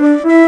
Mm-hmm.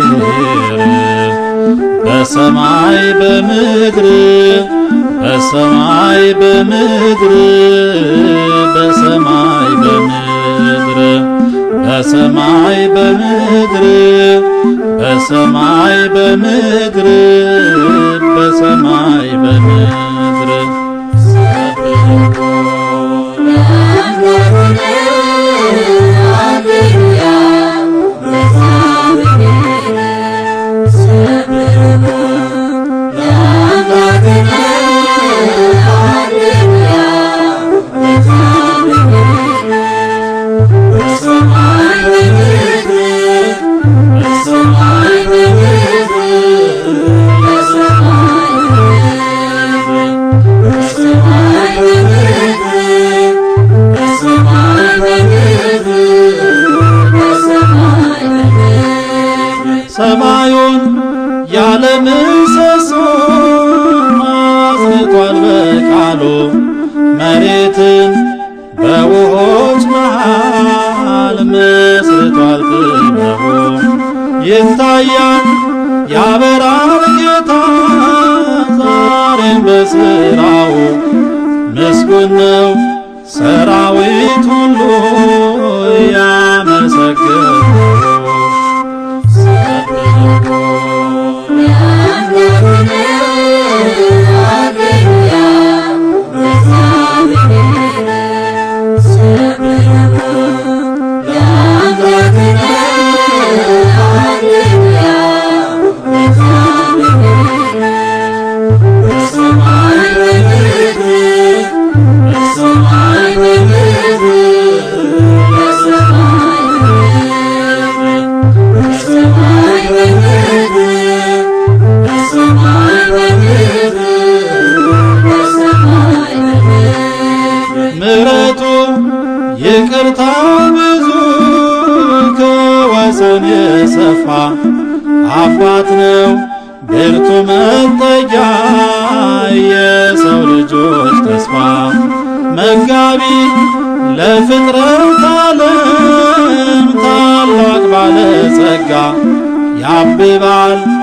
እግዚአብሔር በሰማይ በምድር በሰማይ በምድር በሰማይ በምድር በሰማይ በምድር በሰማይ በምድር በሰማይ በምድር ሰማዩን ያለ ምሰሶ አጽንቷል በቃሉ መሬትን በውሆች መሃል መስርቷል ክብሩ ይታያል ያበራል ጌታ ዛሬም በስራው ምስጉን ምድርን የሰፋ አባት ነው ብርቱ መጠጊያ የሰው ልጆች ተስፋ መጋቢ ለፍጥረት ዓለም ታላቅ ባለጸጋ ያብባል